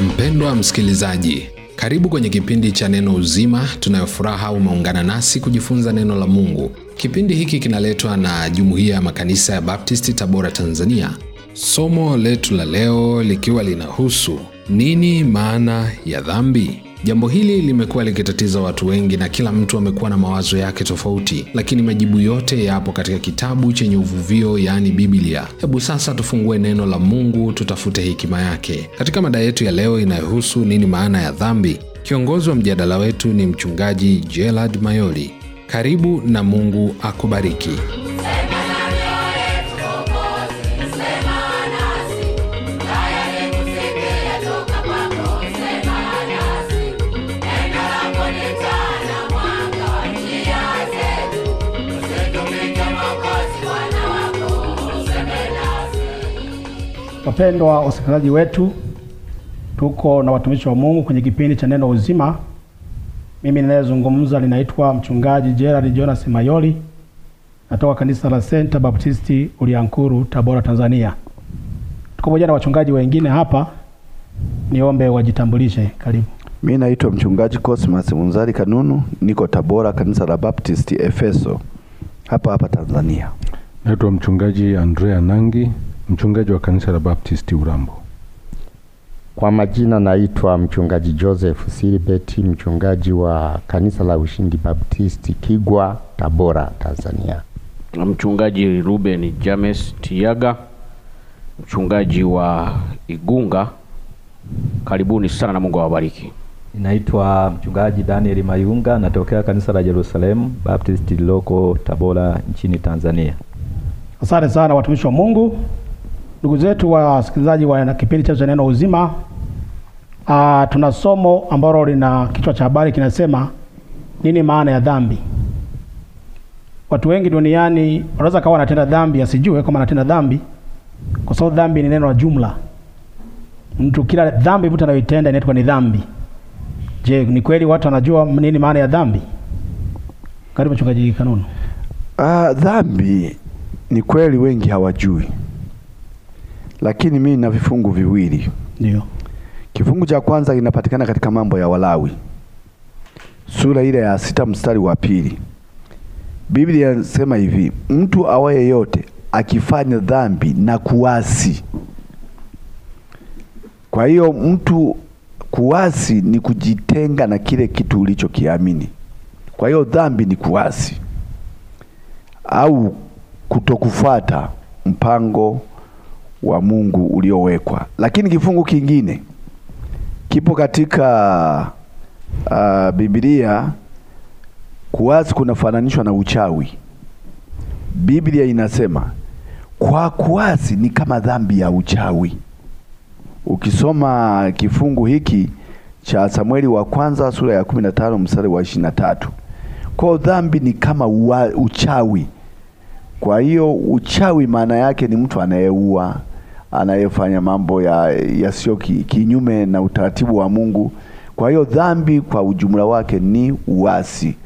Mpendwa msikilizaji, karibu kwenye kipindi cha Neno Uzima. Tunayofuraha umeungana nasi kujifunza neno la Mungu. Kipindi hiki kinaletwa na Jumuiya ya Makanisa ya Baptisti, Tabora, Tanzania. Somo letu la leo likiwa linahusu nini maana ya dhambi. Jambo hili limekuwa likitatiza watu wengi na kila mtu amekuwa na mawazo yake tofauti, lakini majibu yote yapo katika kitabu chenye uvuvio, yaani Biblia. Hebu sasa tufungue neno la Mungu, tutafute hekima yake katika mada yetu ya leo inayohusu nini maana ya dhambi. Kiongozi wa mjadala wetu ni Mchungaji Gerald Mayoli. Karibu na Mungu akubariki. Wapendwa wasikilizaji wetu, tuko na watumishi wa Mungu kwenye kipindi cha neno uzima. Mimi ninayezungumza linaitwa mchungaji Gerald Jonas Mayoli, natoka kanisa la Senta Baptisti Uliankuru, Tabora, Tanzania. Tuko pamoja na wachungaji wengine hapa, niombe wajitambulishe. Karibu. Mimi naitwa mchungaji Cosmas Munzari Kanunu, niko Tabora, kanisa la Baptisti Efeso, hapa hapa Tanzania. Naitwa mchungaji Andrea Nangi mchungaji wa kanisa la Baptisti Urambo. Kwa majina naitwa mchungaji Joseph Silibeti, mchungaji wa kanisa la Ushindi Baptisti Kigwa, Tabora, Tanzania. Na mchungaji Ruben James Tiaga, mchungaji wa Igunga. Karibuni sana na Mungu awabariki. Naitwa mchungaji Daniel Mayunga, natokea kanisa la Jerusalem Baptisti liloko Tabora nchini Tanzania. Asante sana watumishi wa Mungu. Ndugu zetu wasikilizaji wa, na kipindi cha Neno Uzima, uh, tuna somo ambalo lina kichwa cha habari kinasema nini maana ya dhambi. Watu wengi duniani wanaweza kawa wanatenda dhambi asijue kama anatenda dhambi, kwa sababu dhambi ni neno la jumla. Mtu kila dhambi mtu anayoitenda inaitwa ni dhambi. Je, ni kweli watu wanajua nini maana ya dhambi? Karibu mchungaji Kanunu. Uh, dhambi ni kweli wengi hawajui lakini mimi na vifungu viwili. Ndio. Kifungu cha kwanza kinapatikana katika mambo ya Walawi sura ile ya sita mstari wa pili. Biblia inasema hivi, mtu awaye yote akifanya dhambi na kuasi. Kwa hiyo mtu kuasi ni kujitenga na kile kitu ulichokiamini. Kwa hiyo dhambi ni kuasi au kutokufuata mpango wa Mungu uliowekwa. Lakini kifungu kingine kipo katika uh, Biblia. Kuwazi kunafananishwa na uchawi. Biblia inasema kwa kuwazi ni kama dhambi ya uchawi. Ukisoma kifungu hiki cha Samueli wa kwanza sura ya 15 mstari wa 23. Kwa dhambi ni kama uchawi. Kwa hiyo uchawi maana yake ni mtu anayeua, anayefanya mambo yasiyo kinyume kinyume na utaratibu wa Mungu. Kwa hiyo dhambi kwa ujumla wake ni uasi,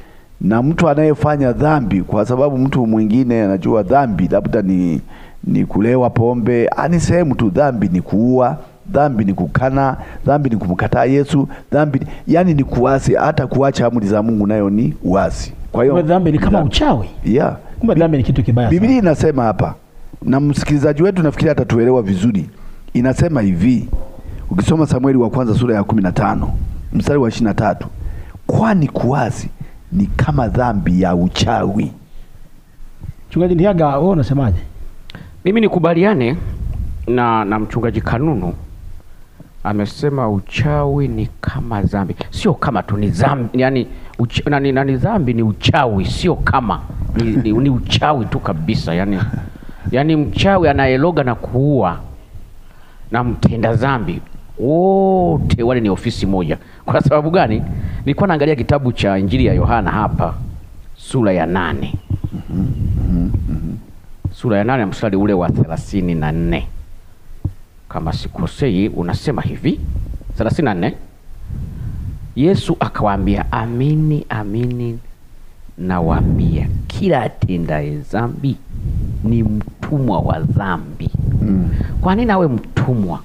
na mtu anayefanya dhambi kwa sababu mtu mwingine anajua dhambi labda ni, ni kulewa pombe, ani sehemu tu. Dhambi ni kuua, dhambi ni kukana, dhambi ni kumkataa Yesu, dhambi yani ni kuasi. Hata kuacha amri za Mungu nayo ni uasi. Kwa hiyo dhambi ni kama uchawi yeah. Kumbe dhambi ni kitu kibaya. Biblia inasema hapa na msikilizaji wetu nafikiri atatuelewa vizuri. Inasema hivi, ukisoma Samueli wa kwanza sura ya kumi na tano mstari wa ishirini na tatu kwani kuasi ni kama dhambi ya uchawi. Mchungaji Ndiaga, wewe unasemaje? Mimi nikubaliane na, na mchungaji Kanunu amesema uchawi ni kama dhambi, sio kama tu ni dhambi, yani uch, nani, nani dhambi ni uchawi, sio kama ni, ni, ni uchawi tu kabisa yani Yaani mchawi anayeloga na kuua na mtenda dhambi wote wale ni ofisi moja. Kwa sababu gani? Nilikuwa naangalia kitabu cha Injili ya Yohana hapa sura ya nane sura ya nane mstari ule wa thelathini na nne kama sikosei, unasema hivi thelathini na nne Yesu akawaambia, amini amini nawaambia, kila atendaye dhambi ni mtumwa wa dhambi mm. Kwa nini awe mtumwa?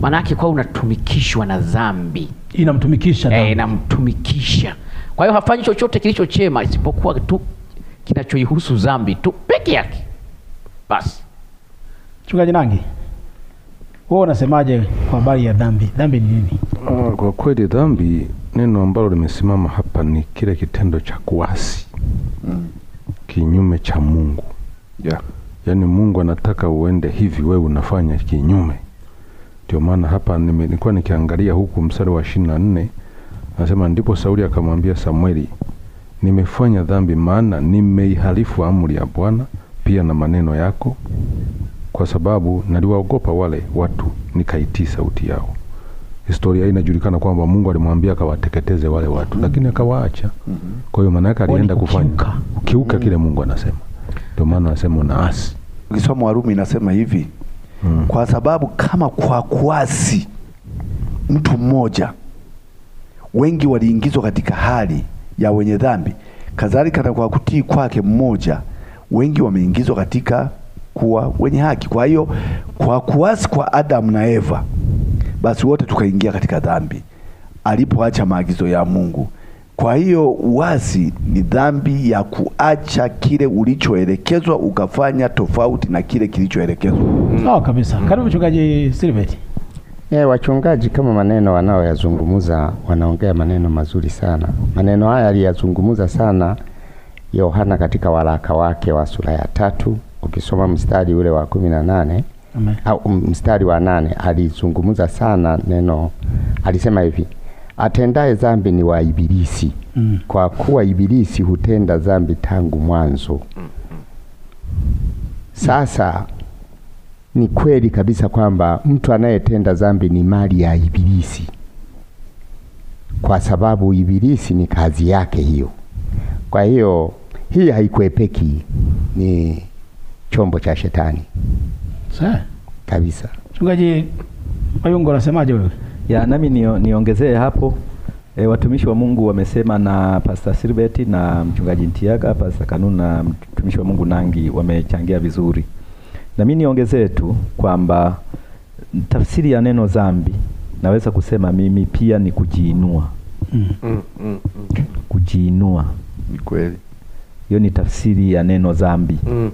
Maanake kwa unatumikishwa na dhambi, inamtumikisha Eh, inamtumikisha. Kwa hiyo hafanyi chochote kilicho chema isipokuwa tu kinachoihusu dhambi tu peke yake. Basi Mchungaji Nangi, wewe unasemaje kwa habari ya dhambi? Dhambi ni nini? Uh, kwa kweli dhambi, neno ambalo limesimama hapa ni kile kitendo cha kuasi mm. kinyume cha Mungu yeah yaani Mungu anataka uende hivi, we unafanya kinyume. Ndio maana hapa nilikuwa nikiangalia huku mstari wa ishirini na nne anasema, ndipo Sauli akamwambia Samweli, nimefanya dhambi, maana nimeihalifu amri ya Bwana pia na maneno yako, kwa sababu naliwaogopa wale watu, nikaitii sauti yao. Historia inajulikana kwamba Mungu alimwambia akawateketeze wale watu, mm -hmm. lakini akawaacha. mm -hmm. Kwa hiyo maana yake alienda kufanya ukiuka mm -hmm. kile Mungu anasema. Ndio maana nasema unaasi. Ukisoma Warumi inasema hivi hmm. Kwa sababu kama kwa kuasi mtu mmoja wengi waliingizwa katika hali ya wenye dhambi, kadhalika na kwa kutii kwake mmoja wengi wameingizwa katika kuwa wenye haki. Kwa hiyo kwa kuasi kwa Adamu na Eva, basi wote tukaingia katika dhambi alipoacha maagizo ya Mungu. Kwa hiyo uasi ni dhambi ya kuacha kile ulichoelekezwa ukafanya tofauti na kile kilichoelekezwa. Mm. Sawa kabisa. Karibu mchungaji Silvet. Yeah, wachungaji kama maneno wanaoyazungumuza wanaongea maneno mazuri sana. Maneno haya aliyazungumuza sana Yohana katika waraka wake wa sura ya tatu, ukisoma mstari ule wa kumi na nane au mm, mstari wa nane alizungumuza sana neno, alisema hivi atendaye zambi ni wa Ibilisi mm. kwa kuwa Ibilisi hutenda zambi tangu mwanzo. Mm, mm. Sasa ni kweli kabisa kwamba mtu anayetenda zambi ni mali ya Ibilisi, kwa sababu Ibilisi ni kazi yake hiyo. Kwa hiyo hii haikuepeki, ni chombo cha shetani. Sasa kabisa. chungaji Mayungo, unasemaje wewe? Ya nami niongezee hapo e, watumishi wa Mungu wamesema na Pastor Silbeti na mchungaji Ntiaga, Pastor Kanuni na mtumishi wa Mungu Nangi wamechangia vizuri. Na mimi niongezee tu kwamba tafsiri ya neno dhambi naweza kusema mimi pia ni kujiinua. Mm. Mm, mm, mm. Kujiinua. Ni kweli. Hiyo ni tafsiri ya neno dhambi. Mm.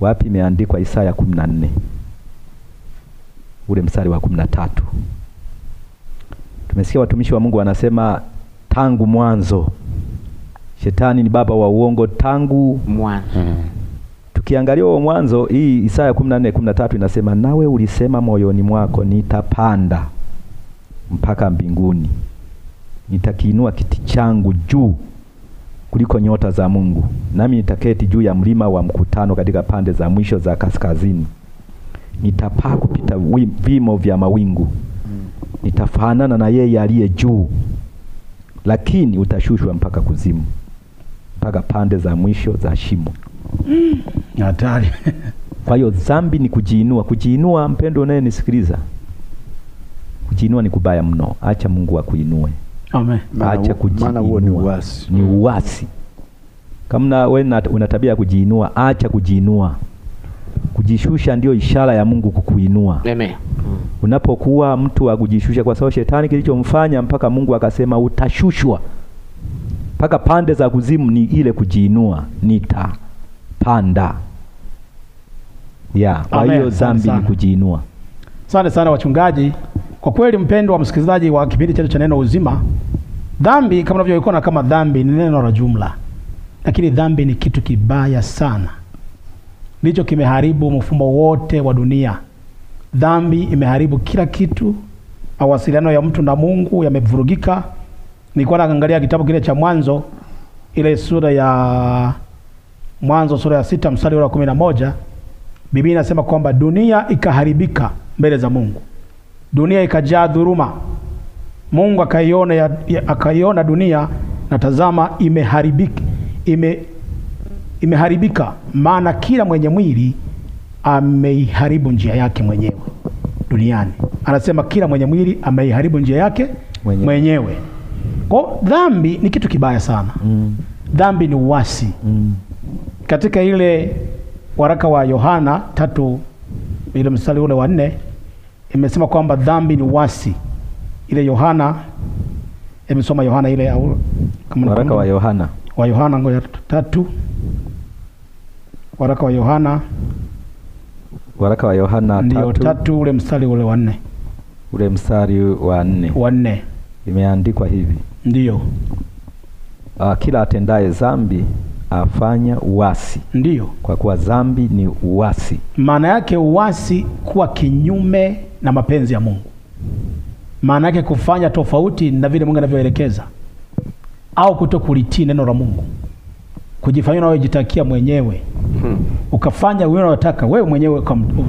Wapi imeandikwa Isaya kumi na nne ule mstari wa kumi na tatu. Tumesikia watumishi wa Mungu wanasema tangu mwanzo shetani ni baba wa uongo tangu mwanzo. Mm. Tukiangalia huo mwanzo, hii Isaya 14:13 inasema, nawe ulisema moyoni mwako, nitapanda mpaka mbinguni, nitakiinua kiti changu juu kuliko nyota za Mungu, nami nitaketi juu ya mlima wa mkutano katika pande za mwisho za kaskazini, nitapaa kupita vimo vya mawingu nitafanana na yeye aliye juu, lakini utashushwa mpaka kuzimu, mpaka pande za mwisho za shimo. Mm. Hatari! Kwa hiyo dhambi ni kujiinua. Kujiinua, mpendo nisikiliza, kujiinua ni kubaya mno. Acha Mungu akuinue. Amen. Acha kujiinua, huo ni uasi, ni uasi. Kama wewe una tabia ya kujiinua, acha kujiinua kujishusha ndio ishara ya Mungu kukuinua. Amen. Unapokuwa mtu wa kujishusha, kwa sababu shetani kilichomfanya mpaka Mungu akasema utashushwa mpaka pande za kuzimu, ni ile kujiinua, nitapanda. ya kwa hiyo dhambi ni kujiinua. Asante sana wachungaji. Kwa kweli, mpendo wa msikilizaji wa kipindi chetu cha neno uzima, dhambi kama unavyoiona kama dhambi ni neno la jumla, lakini dhambi ni kitu kibaya sana ndicho kimeharibu mfumo wote wa dunia. Dhambi imeharibu kila kitu, mawasiliano ya mtu na Mungu yamevurugika. Nilikuwa naangalia kitabu kile cha Mwanzo, ile sura ya Mwanzo sura ya sita mstari wa kumi na moja Biblia inasema kwamba dunia ikaharibika mbele za Mungu, dunia ikajaa dhuruma. Mungu akaiona, akaiona dunia na tazama imeharibika ime imeharibika, maana kila mwenye mwili ameiharibu njia yake mwenyewe duniani. Anasema kila mwenye mwili ameiharibu njia yake mwenyewe, mwenyewe. Kwa dhambi ni kitu kibaya sana mm. Dhambi ni uasi mm. Katika ile waraka wa Yohana tatu ile mstari ule wa nne imesema kwamba dhambi ni uasi. Ile Yohana imesoma Yohana ile au waraka wa Yohana wa Yohana ngoja tatu waraka wa Yohana waraka wa Yohana ndio tatu, tatu ule mstari ule wa nne ule mstari wa nne wa nne imeandikwa hivi ndiyo, uh, ah, kila atendaye zambi afanya uasi. Ndiyo, kwa kuwa zambi ni uasi. Maana yake uasi kuwa kinyume na mapenzi ya Mungu, maana yake kufanya tofauti na vile Mungu anavyoelekeza au kutokulitii neno la Mungu, kujifanyia unayojitakia mwenyewe hmm. ukafanya unataka wewe mwenyewe,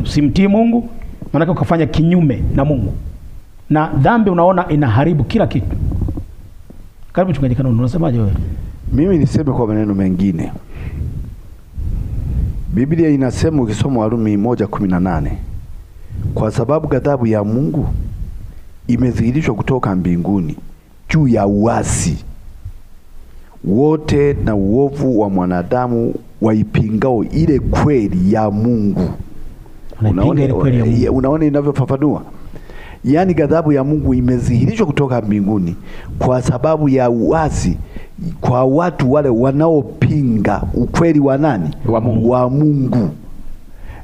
simtii Mungu, maanake ukafanya kinyume na Mungu, na dhambi unaona inaharibu kila kitu. Karibu Mchungaji Kanunu, unasemaje wewe? Mimi niseme kwa maneno mengine, Biblia inasema ukisoma Warumi moja kumi na nane kwa sababu ghadhabu ya Mungu imedhihirishwa kutoka mbinguni juu ya uasi wote na uovu wa mwanadamu waipingao ile kweli ya Mungu. Unaona ile kweli ya Mungu, unaona inavyofafanua yaani ghadhabu ya Mungu imezihirishwa kutoka mbinguni kwa sababu ya uwazi kwa watu wale wanaopinga ukweli wa nani? Wa Mungu. Wa Mungu.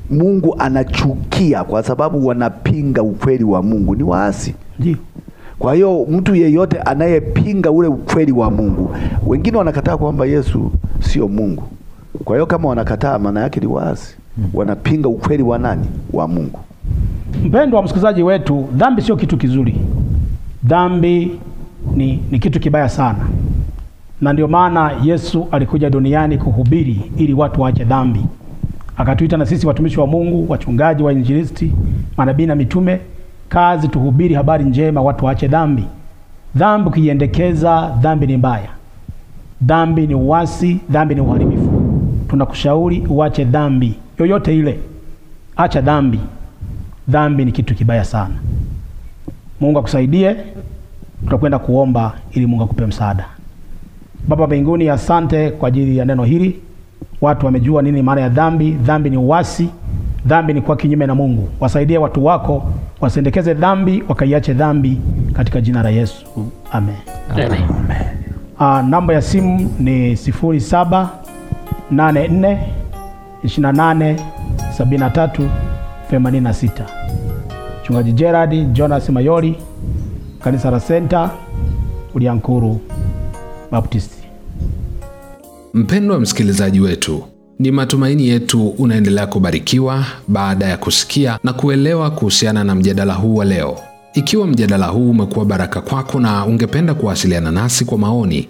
Mungu anachukia kwa sababu wanapinga ukweli wa Mungu, ni waasi. Kwa hiyo mtu yeyote anayepinga ule ukweli wa Mungu, wengine wanakataa kwamba Yesu sio Mungu, kwa hiyo kama wanakataa, maana yake ni wazi hmm. wanapinga ukweli wa nani? Wa Mungu. Mpendwa msikilizaji wetu, dhambi sio kitu kizuri. Dhambi ni, ni kitu kibaya sana, na ndio maana Yesu alikuja duniani kuhubiri ili watu waache dhambi. Akatuita na sisi watumishi wa Mungu, wachungaji, wainjilisti, manabii na mitume, kazi tuhubiri habari njema, watu waache dhambi. Dhambi ukiiendekeza, dhambi ni mbaya, dhambi ni uasi, dhambi ni uharibifu tunakushauri uache dhambi yoyote ile. Acha dhambi. Dhambi ni kitu kibaya sana. Mungu akusaidie. Tutakwenda kuomba ili Mungu akupe msaada. Baba mbinguni, asante kwa ajili ya neno hili. Watu wamejua nini maana ya dhambi. Dhambi ni uasi, dhambi ni kwa kinyume na Mungu. Wasaidie watu wako wasendekeze dhambi, wakaiache dhambi katika jina la Yesu, amen, amen. amen. amen. Ah, namba ya simu ni sifuri saba 84 28 73 86. Mchungaji Gerard Jonas Mayori, kanisa la Senta Uliankuru Baptisti. Mpendwa msikilizaji wetu, ni matumaini yetu unaendelea kubarikiwa baada ya kusikia na kuelewa kuhusiana na mjadala huu wa leo. Ikiwa mjadala huu umekuwa baraka kwako na ungependa kuwasiliana nasi kwa maoni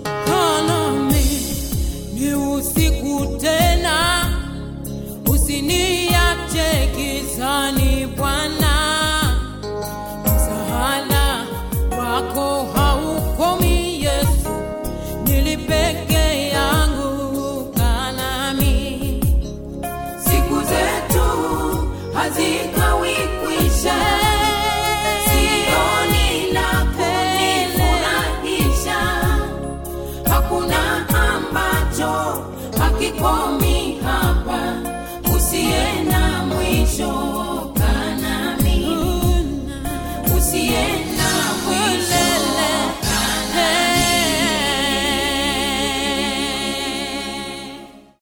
Aziz